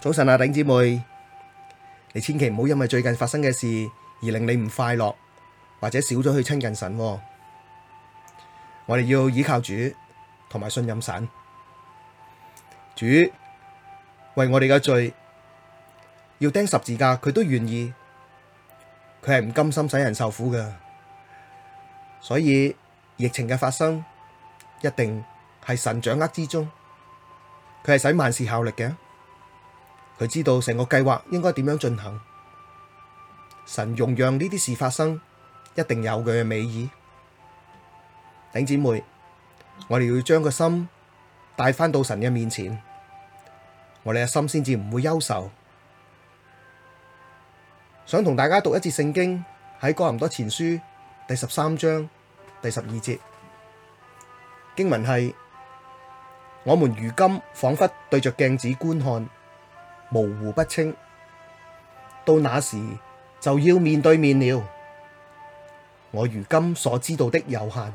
早晨啊，頂姊妹，你千祈唔好因為最近發生嘅事而令你唔快樂，或者少咗去親近神啊。我哋要依靠主，同埋信任神。主為我哋嘅罪要釘十字架，佢都願意，佢係唔甘心使人受苦噶。所以疫情嘅發生一定係神掌握之中，佢係使萬事效力嘅。佢知道成個計劃應該點樣進行，神容讓呢啲事發生，一定有佢嘅美意。頂姊妹，我哋要將個心帶翻到神嘅面前，我哋嘅心先至唔會憂愁。想同大家讀一節聖經，喺哥林多前書第十三章第十二節，經文係：我們如今仿佛對着鏡子觀看。模糊不清，到那時就要面對面了。我如今所知道的有限，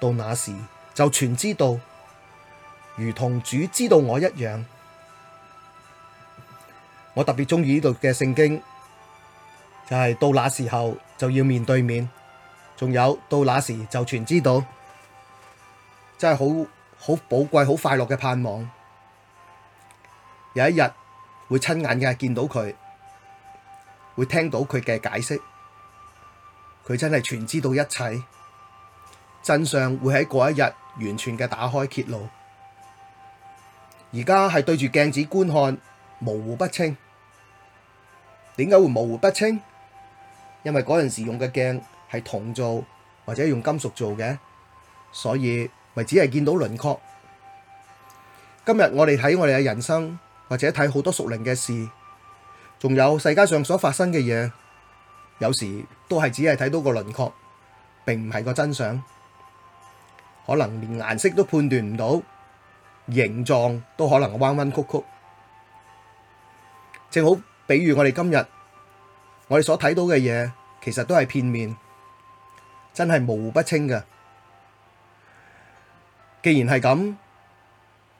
到那時就全知道，如同主知道我一樣。我特別鍾意呢度嘅聖經，就係到那時候就要面對面，仲有到那時就全知道，真係好好寶貴、好快樂嘅盼望。有一日會親眼嘅見到佢，會聽到佢嘅解釋，佢真係全知道一切真相，會喺嗰一日完全嘅打開揭露。而家係對住鏡子觀看，模糊不清。點解會模糊不清？因為嗰陣時用嘅鏡係銅做或者用金屬做嘅，所以咪只係見到輪廓。今日我哋睇我哋嘅人生。或者睇好多熟齡嘅事，仲有世界上所發生嘅嘢，有時都係只係睇到個輪廓，並唔係個真相，可能連顏色都判斷唔到，形狀都可能彎彎曲曲。正好，比如我哋今日，我哋所睇到嘅嘢，其實都係片面，真係模糊不清嘅。既然係咁。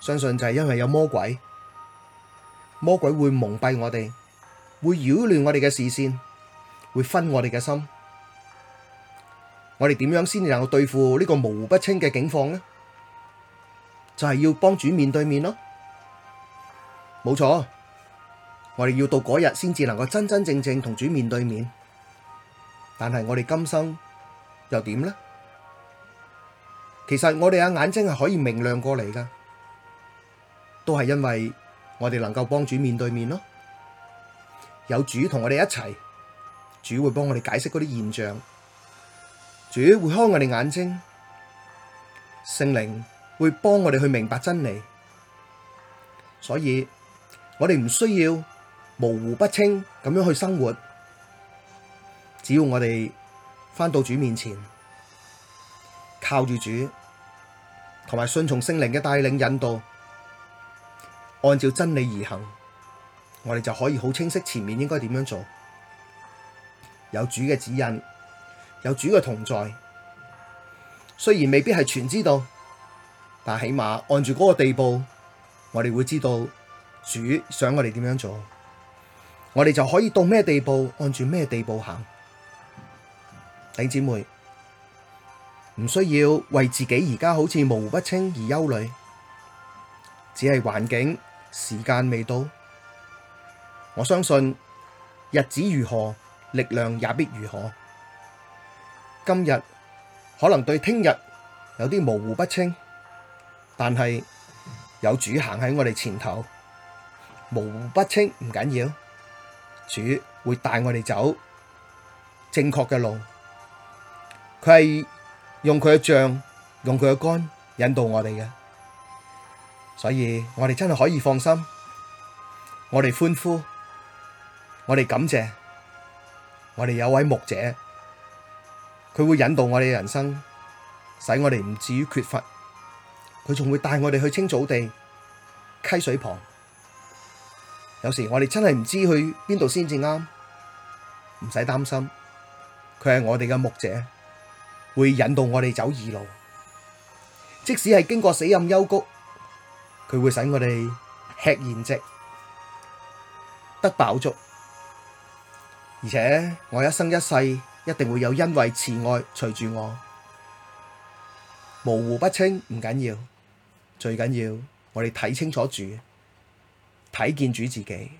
相信就係因為有魔鬼，魔鬼會蒙蔽我哋，會擾亂我哋嘅視線，會分我哋嘅心。我哋點樣先至能夠對付呢個模糊不清嘅境況呢？就係要幫主面對面咯。冇錯，我哋要到嗰日先至能夠真真正正同主面對面。但係我哋今生又點呢？其實我哋嘅眼睛係可以明亮過嚟噶。都係因為我哋能夠幫主面對面咯，有主同我哋一齊，主會幫我哋解釋嗰啲現象，主會開我哋眼睛，聖靈會幫我哋去明白真理，所以我哋唔需要模糊不清咁樣去生活，只要我哋翻到主面前，靠住主，同埋順從聖靈嘅帶領引導。按照真理而行，我哋就可以好清晰前面應該點樣做。有主嘅指引，有主嘅同在，雖然未必係全知道，但起碼按住嗰個地步，我哋會知道主想我哋點樣做。我哋就可以到咩地步，按住咩地步行。弟兄姊妹，唔需要為自己而家好似模糊不清而憂慮，只係環境。時間未到，我相信日子如何，力量也必如何。今日可能對聽日有啲模糊不清，但係有主行喺我哋前頭，模糊不清唔緊要，主會帶我哋走正確嘅路。佢係用佢嘅杖，用佢嘅竿引導我哋嘅。所以我哋真係可以放心，我哋歡呼，我哋感謝，我哋有位牧者，佢會引導我哋嘅人生，使我哋唔至於缺乏。佢仲會帶我哋去青草地、溪水旁。有時我哋真係唔知去邊度先至啱，唔使擔心，佢係我哋嘅牧者，會引導我哋走義路，即使係經過死蔭幽谷。佢會使我哋吃筵席、得飽足，而且我一生一世一定會有恩惠慈愛隨住我。模糊不清，唔緊要，最緊要我哋睇清楚主，睇見主自己，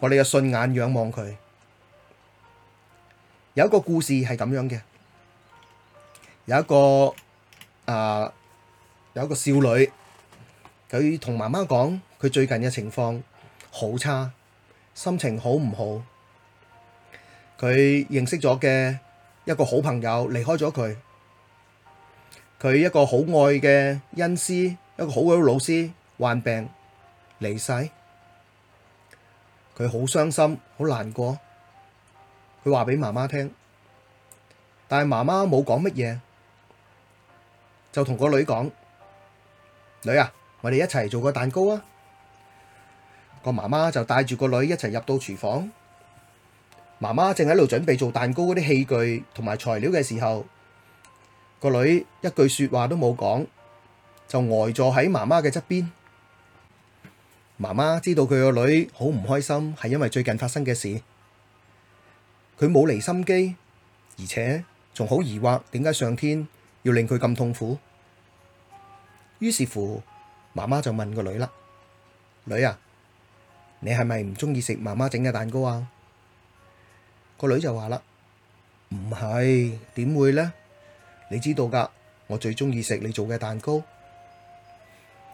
我哋嘅順眼仰望佢。有一個故事係咁樣嘅，有一個啊，有一個少女。佢同媽媽講：佢最近嘅情況好差，心情好唔好？佢認識咗嘅一個好朋友離開咗佢，佢一個好愛嘅恩師，一個好嘅老師患病離世，佢好傷心，好難過。佢話俾媽媽聽，但係媽媽冇講乜嘢，就同個女講：女啊！我哋一齊做個蛋糕啊！個媽媽就帶住個女一齊入到廚房。媽媽正喺度準備做蛋糕嗰啲器具同埋材料嘅時候，個女一句說話都冇講，就呆坐喺媽媽嘅側邊。媽媽知道佢個女好唔開心，係因為最近發生嘅事。佢冇離心機，而且仲好疑惑，點解上天要令佢咁痛苦？於是乎。媽媽就問個女啦：女啊，你係咪唔中意食媽媽整嘅蛋糕啊？個女就話啦：唔係，點會呢？你知道噶，我最中意食你做嘅蛋糕。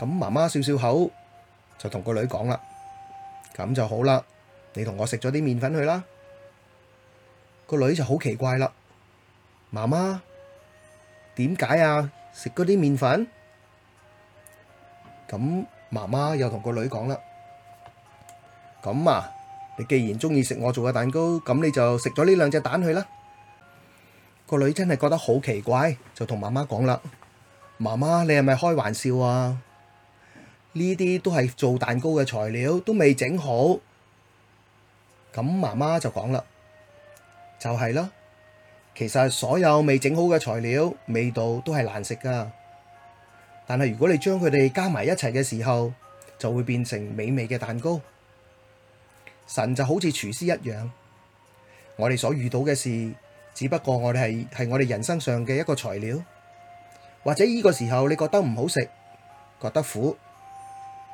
咁媽媽笑笑口，就同個女講啦：咁就好啦，你同我食咗啲麵粉去啦。個女就好奇怪啦，媽媽，點解啊？食嗰啲麵粉？咁媽媽又同個女講啦，咁啊，你既然中意食我做嘅蛋糕，咁你就食咗呢兩隻蛋去啦。個女真係覺得好奇怪，就同媽媽講啦：媽媽，你係咪開玩笑啊？呢啲都係做蛋糕嘅材料，都未整好。咁媽媽就講啦，就係啦，其實所有未整好嘅材料，味道都係難食噶。但係如果你將佢哋加埋一齊嘅時候，就會變成美味嘅蛋糕。神就好似廚師一樣，我哋所遇到嘅事，只不過我哋係係我哋人生上嘅一個材料。或者呢個時候你覺得唔好食，覺得苦，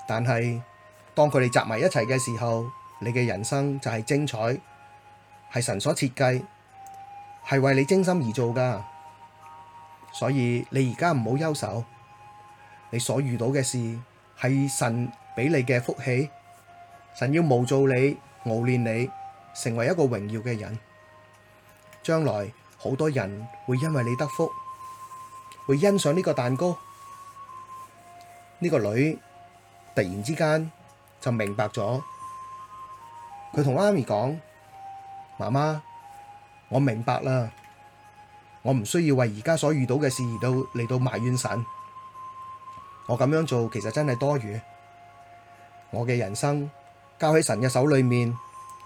但係當佢哋集埋一齊嘅時候，你嘅人生就係精彩，係神所設計，係為你精心而做噶。所以你而家唔好憂愁。你所遇到嘅事係神俾你嘅福氣，神要模造你、熬練你，成為一個榮耀嘅人。將來好多人會因為你得福，會欣賞呢個蛋糕。呢、這個女突然之間就明白咗，佢同媽咪講：媽媽，我明白啦，我唔需要為而家所遇到嘅事而到嚟到埋怨神。我咁樣做其實真係多餘，我嘅人生交喺神嘅手裏面，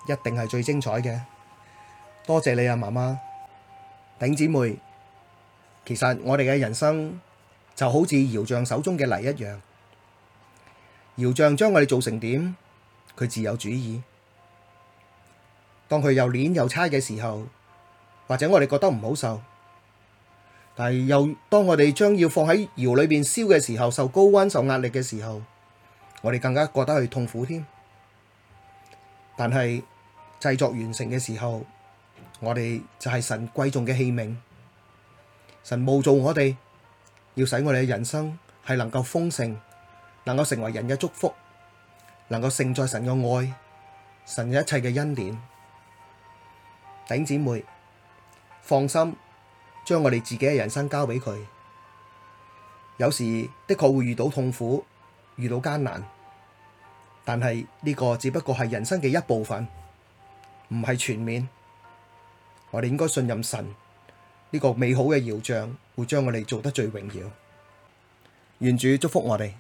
一定係最精彩嘅。多謝你啊媽媽，媽媽，頂姊妹。其實我哋嘅人生就好似窯匠手中嘅泥一樣，窯匠將我哋做成點，佢自有主意。當佢又捏又差嘅時候，或者我哋覺得唔好受。但係又，當我哋將要放喺窑裏邊燒嘅時候，受高溫、受壓力嘅時候，我哋更加覺得係痛苦添。但係製作完成嘅時候，我哋就係神貴重嘅器皿。神塑造我哋，要使我哋嘅人生係能夠豐盛，能夠成為人嘅祝福，能夠承載神嘅愛，神嘅一切嘅恩典。頂姊妹，放心。將我哋自己嘅人生交俾佢，有時的確會遇到痛苦，遇到艱難，但係呢個只不過係人生嘅一部分，唔係全面。我哋應該信任神，呢、這個美好嘅形象會將我哋做得最榮耀。願主祝福我哋。